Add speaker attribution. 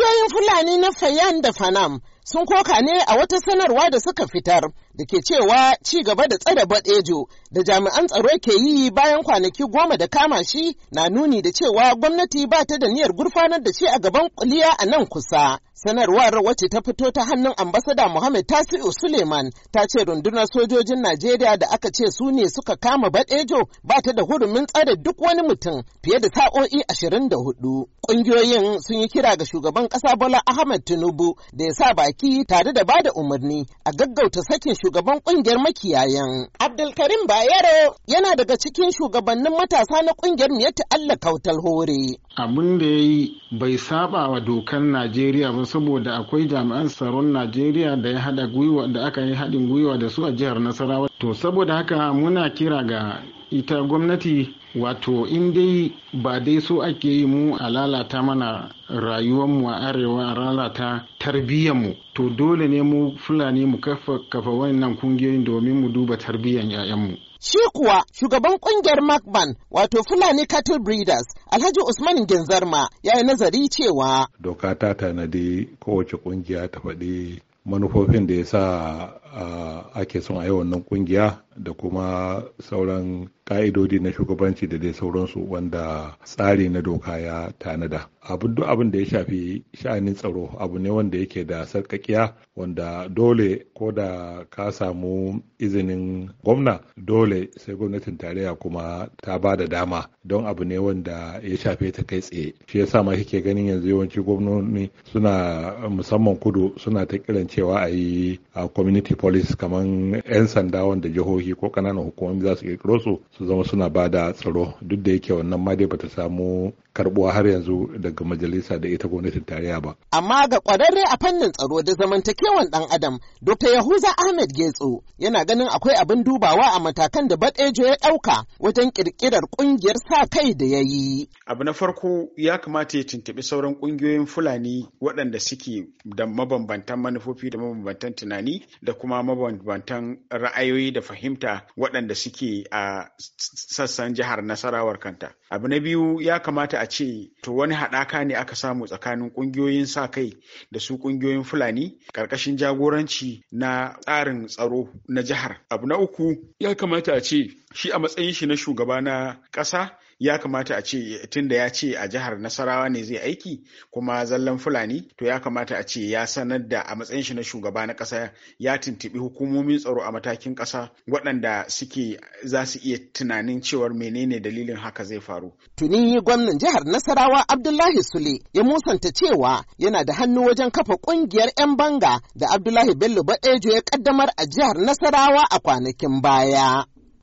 Speaker 1: Ƙungiyoyin Fulani na Fayan da Fanam sun koka ne a wata sanarwa da suka fitar da ke cewa ci gaba da tsare baɗejo da jami'an tsaro ke yi bayan kwanaki goma da kama shi na nuni da cewa gwamnati ba ta da niyyar gurfanar da shi a gaban kuliya a nan kusa. Sanarwar wacce ta fito ta hannun ambasada Muhammad Tasi'u Suleiman ta ce rundunar sojojin Najeriya da aka ce su ne suka kama baɗejo ba ta da hurumin tsare duk wani mutum fiye da sa'o'i ashirin da hudu. Ƙungiyoyin sun yi kira ga shugaban ƙasa Bola Ahmed Tinubu da ya sa baki tare da bada umarni a gaggauta sakin shugaban ƙungiyar makiyayan. Abdulkarim Bayero yana daga cikin shugabannin matasa na ƙungiyar Miyatta Allah Kautal Hore.
Speaker 2: abin da ya yi bai saba wa dokar najeriya ba saboda akwai jami'an tsaron najeriya da ya hada gwiwa da aka yi haɗin gwiwa da su a jihar nasarawa to saboda haka muna kira ga ita gwamnati wato in dai ba dai so ake yi mu a lalata mana rayuwar mu a arewa a lalata tarbiyyar mu, to dole ne mu fulani mu kafa kafa
Speaker 1: wannan kungiyoyin domin mu duba tarbiyyar
Speaker 2: 'ya'yanmu Shi
Speaker 1: kuwa shugaban kungiyar Macban wato Fulani Cattle Breeders Alhaji Usman Ginzarma ya yi nazari cewa.
Speaker 3: Doka ta tanadi kowace kungiya ta faɗi manufofin da ya sa ah, ake son a yi wannan kungiya da kuma sauran ka'idodi na shugabanci da dai sauransu wanda tsari na doka ya tanada abin duk abin da ya shafi sha'anin tsaro abu ne wanda yake da sarkakiya wanda dole ko da ka samu izinin gwamna dole sai gwamnatin tarayya kuma ta ba da dama don abu ne wanda ya shafe ta kai tsaye shi ya ma kike ganin yanzu yawanci gwamnoni suna musamman kudu suna ta kiran cewa a yi community police kamar 'yan sanda wanda jihohi jihohi ko ƙananan hukumomi za su ƙirƙiro su su zama suna ba da tsaro duk da yake wannan ma dai bata samu karbuwa har yanzu daga majalisa da ita gwamnatin tarayya ba.
Speaker 1: Amma ga kwararre a fannin tsaro da zamantakewan ɗan adam, Dr. Yahuza Ahmed Getso yana ganin akwai abin dubawa a matakan da Badejo ya ɗauka wajen ƙirƙirar ƙungiyar sa kai da ya yi.
Speaker 4: Abu na farko ya kamata ya tuntuɓi sauran ƙungiyoyin Fulani waɗanda suke da mabambantan manufofi da mabambantan tunani da kuma mabambantan ra'ayoyi da fahimta waɗanda suke a sassan jihar Nasarawar kanta. Abu na biyu ya kamata a ce to wani haɗaka ne aka samu tsakanin ƙungiyoyin sa kai da su ƙungiyoyin Fulani ƙarƙashin jagoranci na tsarin tsaro na jihar. Abu na uku ya kamata a ce shi a matsayin shi na shugaba na ƙasa ya kamata a ce tunda ya ce a jihar Nasarawa ne zai aiki kuma zallan Fulani to ya kamata a ce ya sanar da a matsayin shi na shugaba na ƙasa ya tuntuɓi hukumomin tsaro a matakin ƙasa waɗanda suke za su iya tunanin cewar menene dalilin
Speaker 1: haka zai faru. Tuni gwamnan jihar Nasarawa Abdullahi Sule ya musanta cewa yana da hannu wajen kafa ƙungiyar 'yan banga da Abdullahi Bello Baɗejo ya ƙaddamar a jihar Nasarawa a kwanakin baya.